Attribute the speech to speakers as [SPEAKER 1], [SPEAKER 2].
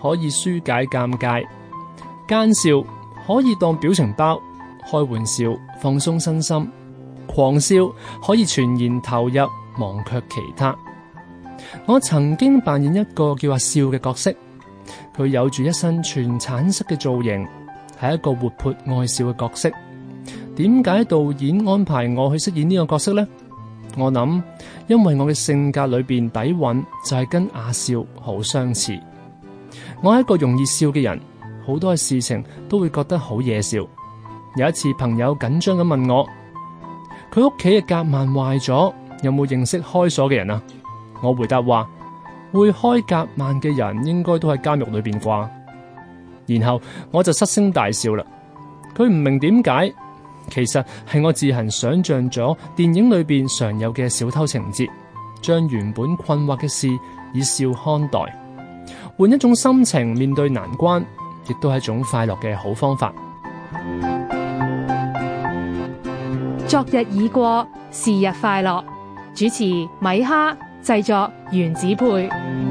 [SPEAKER 1] 可以紓解尷尬，奸笑可以當表情包，開玩笑放鬆身心，狂笑可以全然投入忘卻其他。我曾經扮演一個叫阿笑嘅角色，佢有住一身全橙色嘅造型，係一個活潑愛笑嘅角色。點解導演安排我去飾演呢個角色呢？我諗，因為我嘅性格裏邊底蘊就係、是、跟阿笑好相似。我係一個容易笑嘅人，好多嘅事情都會覺得好惹笑。有一次朋友緊張咁問我，佢屋企嘅夾萬壞咗，有冇認識開鎖嘅人啊？我回答話，會開夾萬嘅人應該都喺監獄裏邊啩。然後我就失聲大笑啦。佢唔明點解，其實係我自行想象咗電影裏邊常有嘅小偷情節，將原本困惑嘅事以笑看待。換一種心情面對難關，亦都係一種快樂嘅好方法。
[SPEAKER 2] 昨日已過，是日快樂。主持米哈，製作原子配。